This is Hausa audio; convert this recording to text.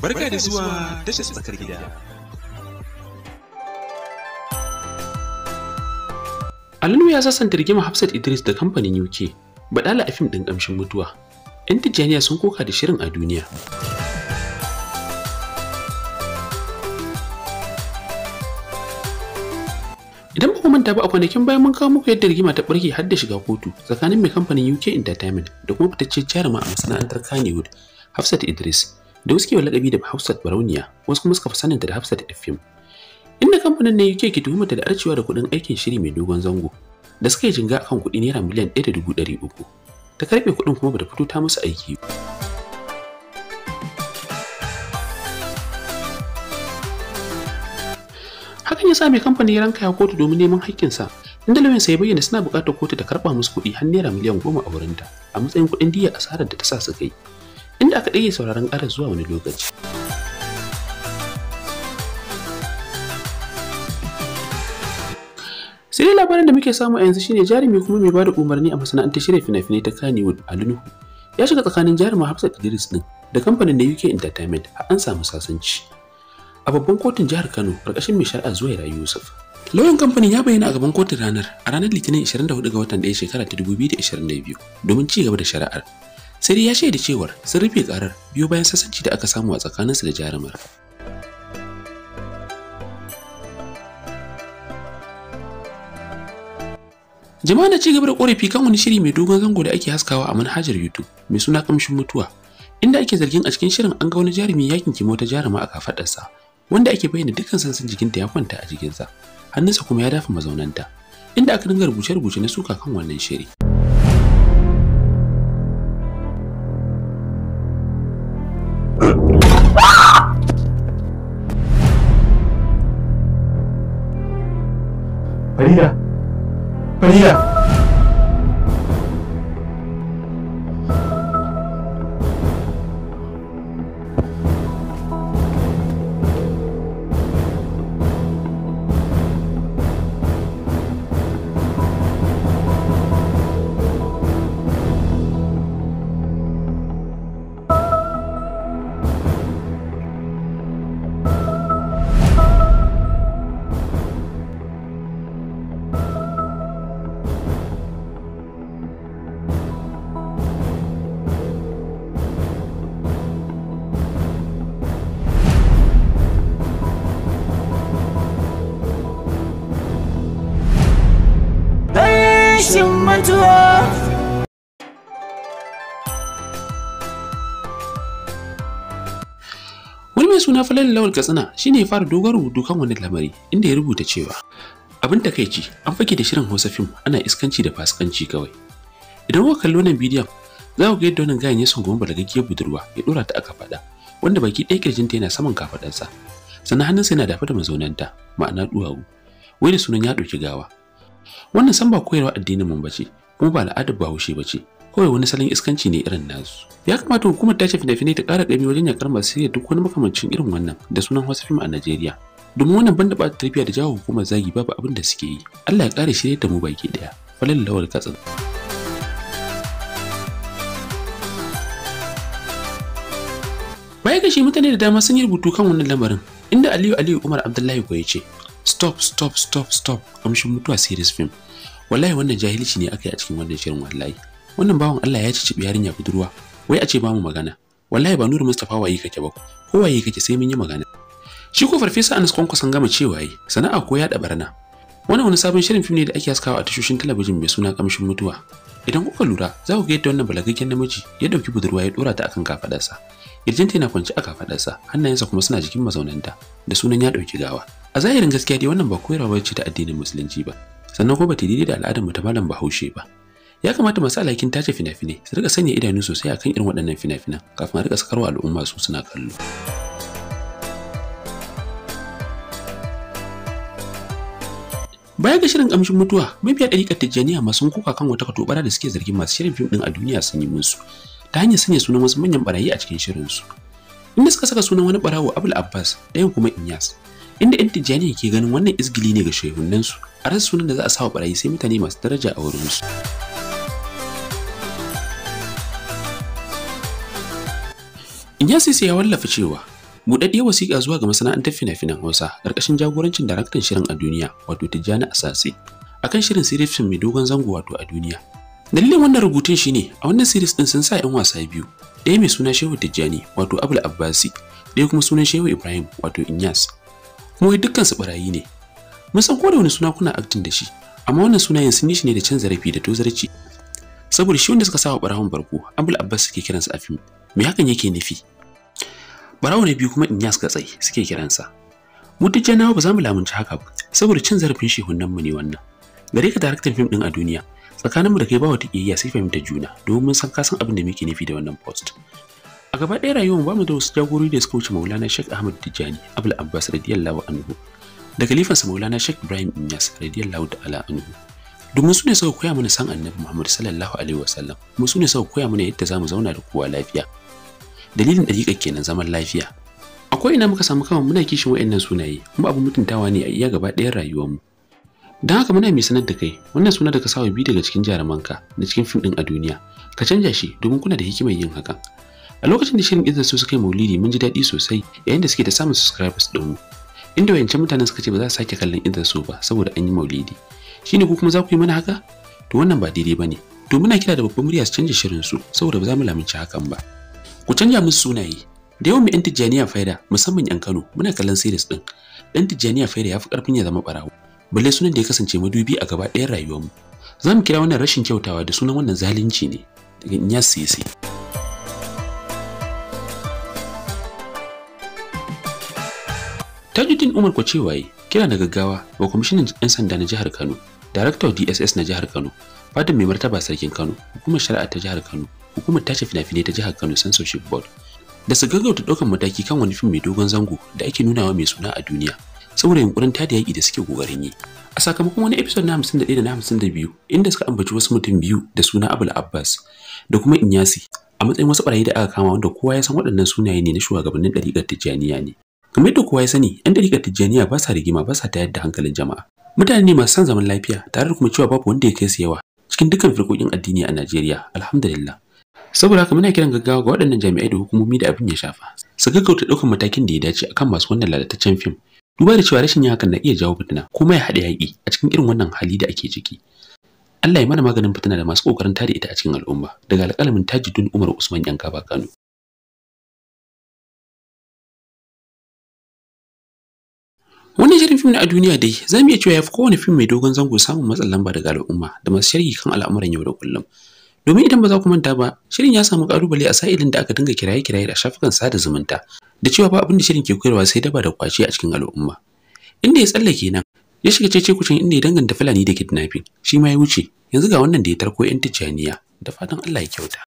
Barka da zuwa tashar tsakar gida. Alinu ya sasanta rigima Hafsat Idris da kamfanin UK, baɗala a fim ɗin ƙamshin mutuwa. 'Yan Tijjaniya sun koka da shirin a duniya. Idan ba ku manta ba a kwanakin bayan mun kawo muku yadda rigima ta ɓarke har da shiga kotu tsakanin mai kamfanin UK Entertainment da kuma fitacce jaruma a masana'antar Kannywood, Hafsat Idris, da wasu ke lakabi da Hafsat Barauniya wasu kuma suka fi saninta da Hafsat FM. Inda kamfanin ne UK ke tuhumata da arcewa da kuɗin aikin shiri mai dogon zango da suka yi jinga akan kuɗi naira miliyan ɗaya da dubu ɗari uku. Ta karɓe kuɗin kuma bata fito ta musu aiki. Hakan ya sa mai kamfanin ya rankaya kotu domin neman haƙƙinsa inda lauyansa ya bayyana suna buƙatar kotu ta karɓa musu kuɗi har naira miliyan goma a wurinta a matsayin kuɗin diya asarar da ta sa su kai. inda aka ɗage sauraron ƙarar zuwa wani lokaci. sai dai labarin da muke samu a yanzu shine jarumi kuma mai bada umarni a masana'antar shirya fina-finai ta kaniwood a lunuhu ya shiga tsakanin jarumin hafsat idris din da kamfanin na uk entertainment har an samu sasanci a babban kotun jihar kano karkashin mai shari'a zuwa rayu yusuf lauyan kamfanin ya bayyana a gaban kotun ranar a ranar litinin 24 ga watan 1 shekara ta 2022 domin ci gaba da shari'ar sai ya shaida cewar sun rufe karar biyo bayan sasanci da aka samu a tsakaninsu da jarumar jama'a na cigaba da korafi kan wani shiri mai dogon zango da ake haskawa a manhajar youtube mai suna kamshin mutuwa inda ake zargin a cikin shirin an ga wani jarumi ya kimo wata jaruma a kafadarsa wanda ake bayyana dukkan sansan jikinta ya kwanta a jikinsa hannunsa kuma ya dafa mazaunanta inda aka dinga rubuce-rubuce na suka kan wannan shiri Farida Farida Wani mai suna falon Lawal Katsina shine ya fara dogaro dukan wani lamari inda ya rubuta cewa abin takaici an fake da shirin Hausa fim ana iskanci da fasikanci kawai. Idan kuka kalli wannan bidiyon za ku ga yadda wannan gayan ya sungumi balagaggiyar budurwa ya dora ta aka faɗa wanda baki ɗaya kirjinta yana saman kafaɗarsa sannan hannunsa yana dafa da mazaunanta ma'ana duwawu wai da sunan ya ɗauki gawa wannan san ba koyarwa addinin mun bace kuma ba al'adar bahaushe bace kawai wani salon iskanci ne irin nasu ya kamata hukumar tace fina-finai ta ƙara ɗami wajen yakar masu sirri duk wani makamancin irin wannan da sunan wasu fim a najeriya domin wannan banda ta tarbiyya da jawo hukumar zagi babu abin da suke yi allah ya ƙara shirye da mu baki ɗaya falal lawal katsin baya gashi mutane da dama sun yi rubutu kan wannan lamarin inda aliyu aliyu umar abdullahi ko ya ce stop stop stop stop kamshin mutuwa serious film wallahi wannan jahilci ne aka yi a cikin wannan shirin wallahi wannan bawan Allah ya ci yarinya budurwa wai a ce ba mu magana wallahi ba Nuru Mustafa waye kake ba ko waye kake sai mun yi magana shi ko farfesa Anas Kwankwa san gama cewa yi sana'a ko ya barna wannan wani sabon shirin film ne da ake haskawa a tashoshin talabijin mai suna kamshin mutuwa idan kuka lura za ku ga yadda wannan balagaggen namiji ya dauki budurwa ya dora ta akan kafadarsa kirjinta yana kwance a kafadarsa hannayensa kuma suna jikin mazaunanta da sunan ya ɗauki gawa a zahirin gaskiya dai wannan ba koyarwa ce ta addinin musulunci ba sannan ko ba ta daidai da al'adar mu ta malam bahaushe ba ya kamata masu alhakin tace fina-finai su rika sanya idanu sosai akan irin waɗannan fina-finan kafin a rika sakarwa al'umma su suna kallo Baya ga shirin kamshin mutuwa, mabiya ɗariƙar Tijjaniya masu kuka kan wata katobara da suke zargin masu shirin fim ɗin a duniya sun yi musu, ta hanyar sanya sunan wasu manyan barayi a cikin shirinsu. Inda suka saka sunan wani barawo Abul Abbas, ɗayan kuma Inyas, inda yan tijjani ke ganin wannan izgili ne ga shehunansu a ran sunan da za a sawa barayi sai mutane masu daraja a wurinsu Inyasisi ya wallafa cewa buɗaɗɗiyar wasiƙa zuwa ga masana'antar fina-finan Hausa ƙarƙashin jagorancin daraktan shirin a duniya wato Tijjani Asase akan shirin sirif mai dogon zango wato a duniya Dalilin wannan rubutun shine a wannan series din sun sa 'yan wasa biyu, ɗaya mai suna Shehu Tijjani wato Abul Abbasi, ɗaya kuma sunan Shehu Ibrahim wato Inyas. kuma wai dukkan su barayi ne mun san ko da wani suna kuna acting da shi amma wannan sunayen sun yi shi ne da cin zarafi da tozarci saboda shi wanda suka sawa barawon barko abul Abbas suke kiransa a fim me hakan yake nufi barawo na biyu kuma Inyas Gatsai suke kiransa mu duk ba za mu lamunci haka ba saboda cin zarafin shehunan mu ne wannan gare ka daraktan fim din a duniya tsakaninmu da kai ba wata kiyayya sai fahimta juna domin mun san ka san abin da muke nufi da wannan post a gaba ɗaya rayuwar ba mu da wasu jagorori da suka wuce maulana shek ahmad tijjani abul abbas radiyallahu anhu da kalifansa maulana shek ibrahim inyas radiyallahu ta'ala anhu domin su ne suka koya mana san annabi muhammad sallallahu alaihi sallam, kuma su ne suka koya mana yadda za mu zauna da kowa lafiya dalilin ɗariƙa kenan zaman lafiya akwai ina muka samu kama muna kishin wa'annan sunaye kuma abin mutuntawa ne a iya gaba ɗayan mu. don haka muna mai sanar da kai wannan suna da ka sawa biyu daga cikin jarumanka na cikin fim ɗin a duniya ka canja shi domin kuna da hikimar yin hakan a lokacin da shirin izar su suka yi maulidi mun ji daɗi sosai yayin da suke da samun subscribers ɗinmu inda wayancan mutanen suka ce ba za su sake kallon izar su ba saboda an yi maulidi ne ku kuma za ku yi mana haka to wannan ba daidai ba ne to muna kira da babban murya su canja shirin su saboda ba za mu lamunci hakan ba ku canja musu sunaye da yawan mu yan tijjaniya faida musamman yan kano muna kallon series ɗin ɗan tijjaniya faida ya fi ƙarfin ya zama ɓarawo balle sunan da ya kasance madubi a gaba ɗayan rayuwarmu za mu kira wannan rashin kyautawa da sunan wannan zalunci ne daga inyas sisi tajuddin umar ku waye kira na gaggawa wa kwamishinan 'yan sanda na jihar kano daraktar dss na jihar kano fadin mai martaba sarkin kano hukumar shari'a ta jihar kano hukumar tace fina-finai ta jihar kano censorship board da su gaggauta ɗaukar mataki kan wani fim mai dogon zango da ake nunawa mai suna a duniya saboda yunkurin tada yaƙi da suke ƙoƙarin yi a sakamakon wani episode na 51 da na 52 inda suka ambaci wasu mutum biyu da suna abul abbas da kuma inyasi a matsayin wasu barayi da aka kama wanda kowa ya san waɗannan sunaye ne na shugabannin ɗariƙar tijjaniya ne kamar yadda kowa ya sani yan dariƙar tijjaniya ba sa rigima ba sa tayar da hankalin jama'a mutane ne masu son zaman lafiya tare da kuma cewa babu wanda ya kai su yawa cikin dukkan firkokin addini a Najeriya alhamdulillah saboda haka muna kiran gaggawa ga waɗannan jami'ai da hukumomi da abin ya shafa su gaggauta ɗaukar matakin da ya dace akan masu wannan lalataccen fim duba da cewa rashin yin hakan na iya jawo fitina kuma ya haɗa yaƙi a cikin irin wannan hali da ake ciki Allah ya mana maganin fitina da masu ƙoƙarin tada ita a cikin al'umma daga alƙalamin Tajidun Umar Usman Yankaba Kano Wannan shirin fim na a duniya dai za mu iya cewa ya fi kowane fim mai dogon zango samun matsin lamba daga al'umma da masu sharhi kan al'amuran yau da kullum. Domin idan ba za ku manta ba, shirin ya samu ƙalubale a sa'ilin da aka dinga kiraye-kiraye da shafukan sada zumunta da cewa ba abin da shirin ke koyarwa sai daba da kwaci a cikin al'umma. Inda ya tsallake nan, ya shiga cece kucin inda ya danganta Fulani da kidnapping, shi ma ya wuce, yanzu ga wannan da ya tarko 'yan Tijjaniya, da fatan Allah ya kyauta.